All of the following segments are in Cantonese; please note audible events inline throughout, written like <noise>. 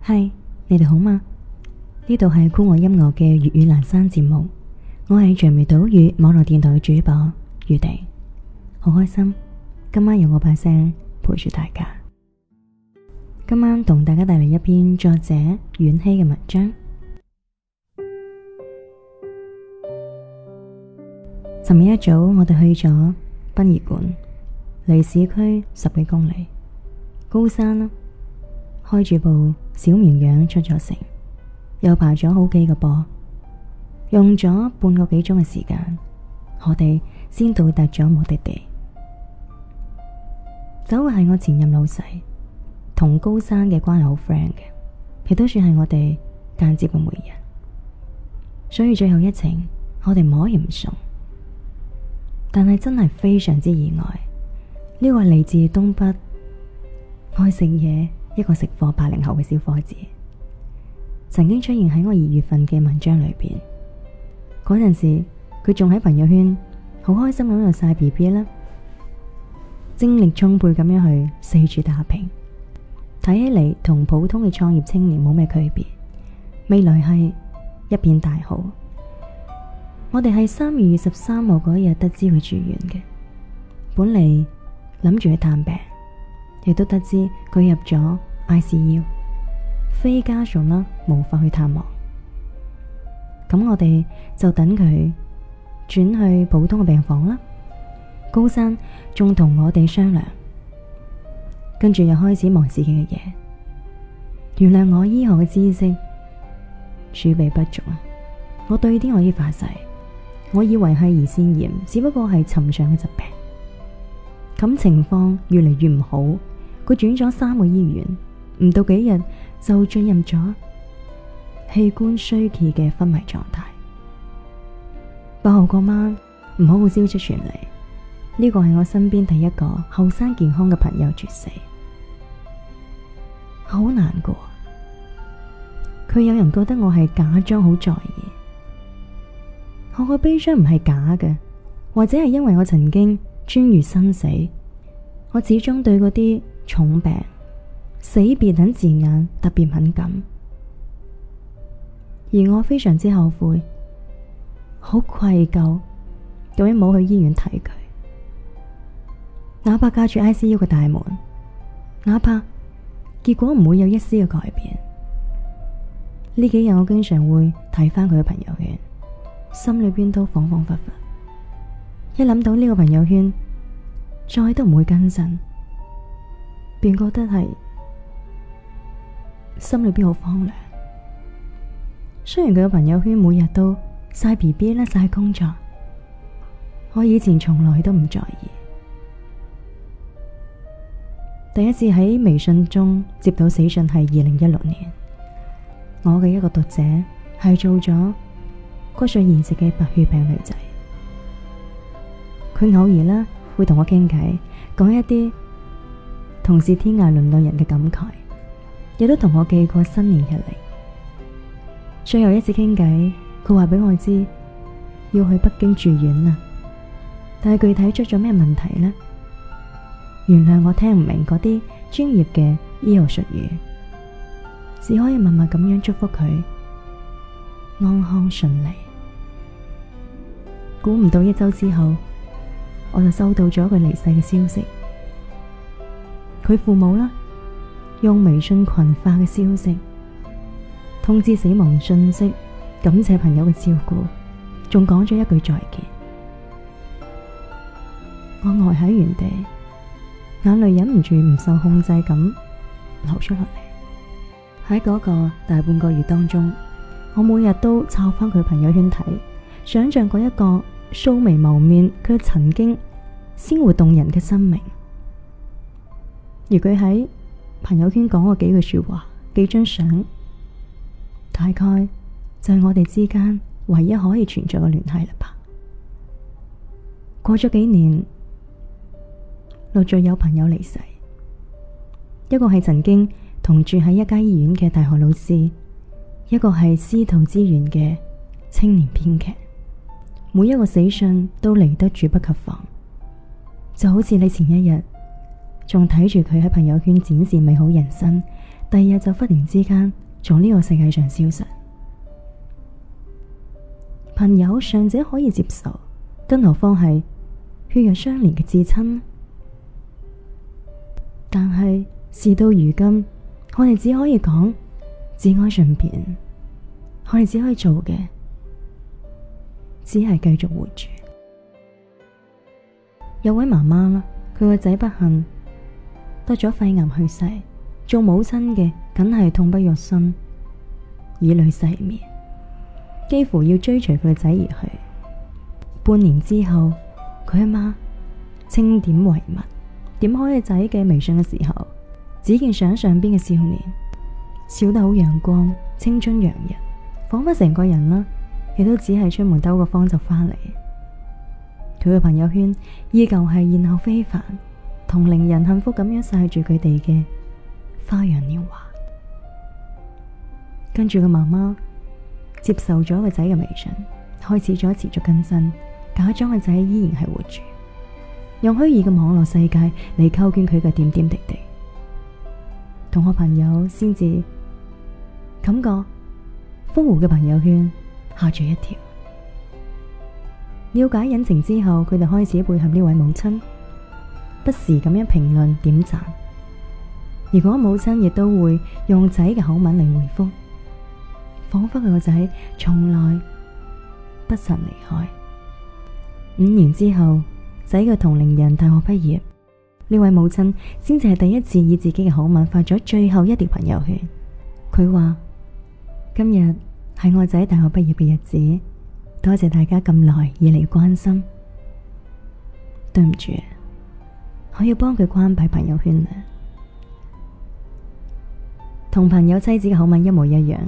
嗨，Hi, 你哋好嗎？呢度係酷我音樂嘅粵語南山節目，我係長梅島語網絡電台嘅主播雨婷，好開心今晚有我把聲陪住大家。今晚同大家帶嚟一篇作者婉兮嘅文章。尋日一早，我哋去咗殯儀館，離市區十幾公里，高山啦。開住部小綿羊出咗城，又爬咗好幾個坡，用咗半個幾鐘嘅時間，我哋先到達咗目的地。走嘅係我前任老細，同高生嘅關係好 friend 嘅，亦都算係我哋間接嘅媒人，所以最後一程我哋唔可以唔送。但係真係非常之意外，呢個嚟自東北，愛食嘢一個食貨八零後嘅小伙子，曾經出現喺我二月份嘅文章裏邊。嗰陣時佢仲喺朋友圈好開心咁樣晒 B B 啦，精力充沛咁樣去四處打拼，睇起嚟同普通嘅創業青年冇咩區別，未來係一片大好。我哋係三月二十三號嗰一日得知佢住院嘅，本嚟諗住去探病。亦都得知佢入咗 ICU，非家屬啦，無法去探望。咁我哋就等佢轉去普通嘅病房啦。高生仲同我哋商量，跟住又開始忙自己嘅嘢。原諒我醫學嘅知識儲備不足啊！我對天可以發誓，我以為係胰腺炎，只不過係尋常嘅疾病。咁情況越嚟越唔好，佢轉咗三個醫院，唔到幾日就進入咗器官衰竭嘅昏迷狀態。八號嗰晚唔好好消息傳嚟，呢個係我身邊第一個後生健康嘅朋友猝死，好難過。佢有人覺得我係假裝好在意，我嘅悲傷唔係假嘅，或者係因為我曾經穿越生死。我始終對嗰啲重病、死別等字眼特別敏感，而我非常之後悔，好愧疚，究竟冇去醫院睇佢，哪怕隔住 ICU 嘅大門，哪怕結果唔會有一絲嘅改變。呢幾日我經常會睇翻佢嘅朋友圈，心裏邊都恍恍惚惚，一諗到呢個朋友圈，再都唔會更新，便覺得係心裏邊好荒涼。雖然佢嘅朋友圈每日都晒 BB 啦，晒工作，我以前從來都唔在意。第一次喺微信中接到死訊係二零一六年，我嘅一個讀者係做咗骨髓移植嘅白血病女仔，佢偶然啦。會同我傾偈，講一啲同是天涯淪落人嘅感慨，亦都同我寄過新年日曆。最後一次傾偈，佢話俾我知要去北京住院啦，但係具體出咗咩問題呢？原諒我聽唔明嗰啲專業嘅醫學術語，只可以默默咁樣祝福佢安康順利。估唔到一周之後。我就收到咗佢離世嘅消息，佢父母啦用微信群發嘅消息通知死亡信息，感謝朋友嘅照顧，仲講咗一句再見。我呆喺原地，眼淚忍唔住唔受控制咁流出落嚟。喺嗰個大半個月當中，我每日都抄翻佢朋友圈睇，想象嗰一個。素未謀面，佢曾經鮮活動人嘅生命，而佢喺朋友圈講過幾句說話、幾張相，大概就係我哋之間唯一可以存在嘅聯繫啦吧。過咗幾年，陸續有朋友離世，一個係曾經同住喺一家醫院嘅大學老師，一個係師徒之緣嘅青年編劇。每一個死訊都嚟得猝不及防，就好似你前一日仲睇住佢喺朋友圈展示美好人生，第二日就忽然之間從呢個世界上消失。朋友尚且可以接受，更何況係血肉相連嘅至親？但係事到如今，我哋只可以講至哀順變，我哋只可以做嘅。只係繼續活住。有位媽媽啦，佢個仔不幸得咗肺癌去世，做母親嘅梗係痛不欲生，以淚洗面，幾乎要追隨佢個仔而去。半年之後，佢阿媽，媽清點遺物，點開個仔嘅微信嘅時候，只見相上，上邊嘅少年笑得好陽光，青春洋溢，仿佛成個人啦。亦都只係出門兜個方就翻嚟，佢嘅朋友圈依舊係艷后非凡，同令人幸福咁樣晒住佢哋嘅花樣年華。跟住個媽媽接受咗個仔嘅微信，開始咗持續更新，假裝個仔依然係活住，用虛擬嘅網絡世界嚟構建佢嘅點點滴滴。同學朋友先至感覺豐湖嘅朋友圈。嚇住一跳，了解隱情之後，佢哋開始配合呢位母親，不時咁樣評論點讚。如果母親亦都會用仔嘅口吻嚟回覆，仿佛佢個仔從來不曾離開。五年之後，仔嘅同齡人大學畢業，呢位母親先至係第一次以自己嘅口吻發咗最後一條朋友圈。佢話今日。係我仔大學畢業嘅日子，多謝大家咁耐以嚟關心。對唔住，我要幫佢關閉朋友圈啦。同朋友妻子嘅口吻一模一樣，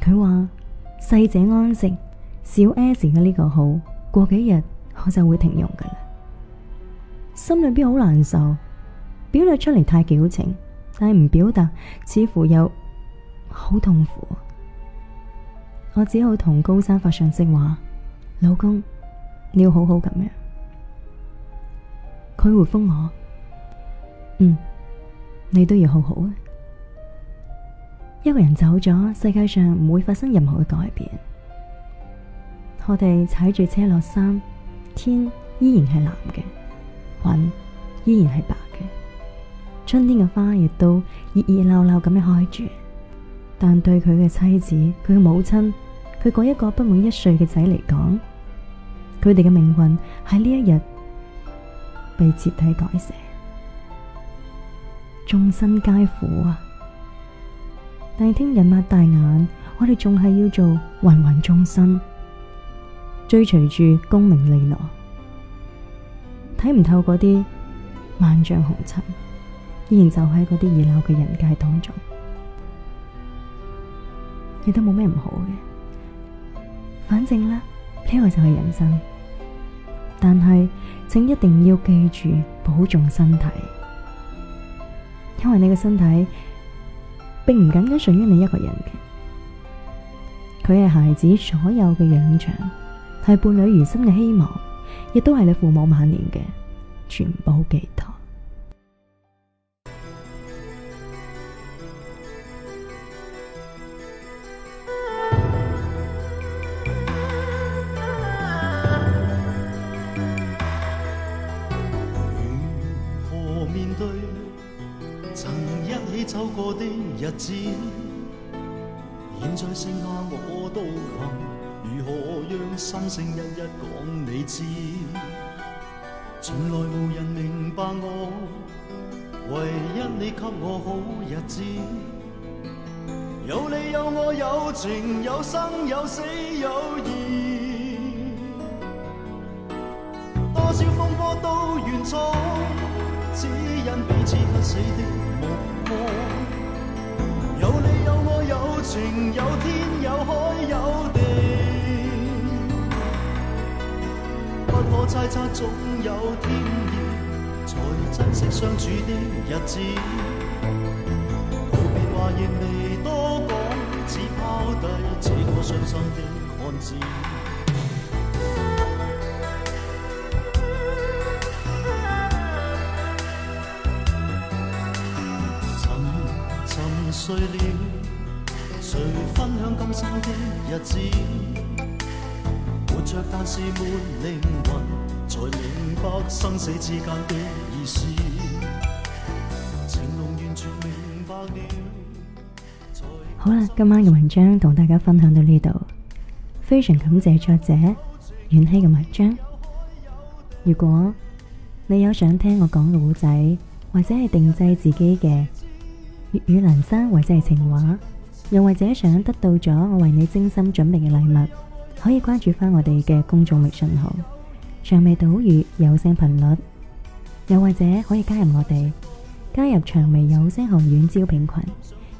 佢話細者安息，小 S 嘅呢個號過幾日我就會停用噶啦。心裏邊好難受，表露出嚟，太矯情，但係唔表達，似乎又好痛苦。我只好同高生發信息話：老公，你要好好咁樣。佢回覆我：嗯，你都要好好啊。一個人走咗，世界上唔會發生任何嘅改變。我哋踩住車落山，天依然係藍嘅，雲依然係白嘅，春天嘅花亦都熱熱鬧鬧咁樣開住。但對佢嘅妻子，佢嘅母親。佢嗰一個不滿一歲嘅仔嚟講，佢哋嘅命運喺呢一日被徹底改寫，眾生皆苦啊！但係聽人擘大眼，我哋仲係要做芸芸眾生，追隨住功名利祿，睇唔透嗰啲萬丈紅塵，依然就喺嗰啲熱鬧嘅人界當中，亦都冇咩唔好嘅。反正啦，呢個就係人生。但係，請一定要記住保重身體，因為你嘅身體並唔僅僅屬於你一個人嘅，佢係孩子所有嘅仰仗，係伴侶餘生嘅希望，亦都係你父母晚年嘅全部寄託。日子，現在剩下我獨行，如何讓心聲一一講你知？從來無人明白我，唯一你給我好日子。有你有我有情有生有死有義，多少風波都願闖，只因彼此不死的目光。有情有天有海有地，不可猜測，總有天意。才珍惜相處的日子，告別話亦未多講，只拋低這個傷心的漢子。沉沉睡了。分享今生嘅日子，活着但是沒靈魂，才明白生死之間嘅意思。好啦，今晚嘅文章同大家分享到呢度，非常感謝作者婉兮嘅文章。如果你有想聽我講古仔，或者係定製自己嘅粵語、南山或者係情話。又或者想得到咗我為你精心準備嘅禮物，可以關注翻我哋嘅公眾微信號“長眉島嶼有聲頻率”，又或者可以加入我哋加入長眉有聲學院招聘群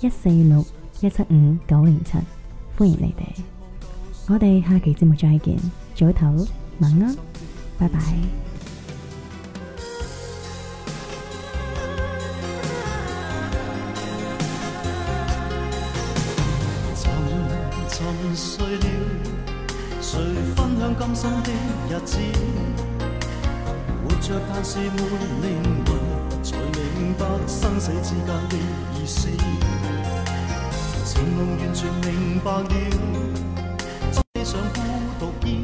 一四六一七五九零七，7, 歡迎你哋！我哋下期節目再見，早唞，晚安、哦，拜拜。今生的日子，活着但是沒靈魂，才明白生死之間的意思。情濃完全明白了，披上孤獨衣。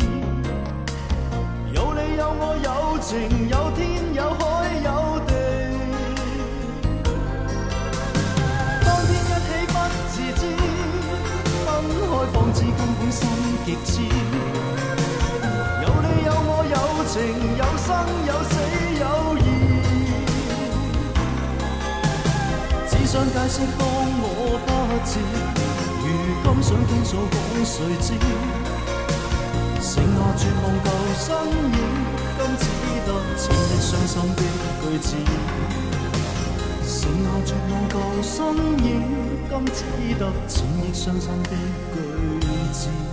有你有我有情有天有海有地。當天一起不自知，分開方知根本心極痴。情有生有死有義， <noise> 只想解釋當我不知，如今想傾訴講誰知？剩下絕望舊身影，今只得淺憶傷心的句子。剩下絕望舊身影，今只得淺憶傷心的句子。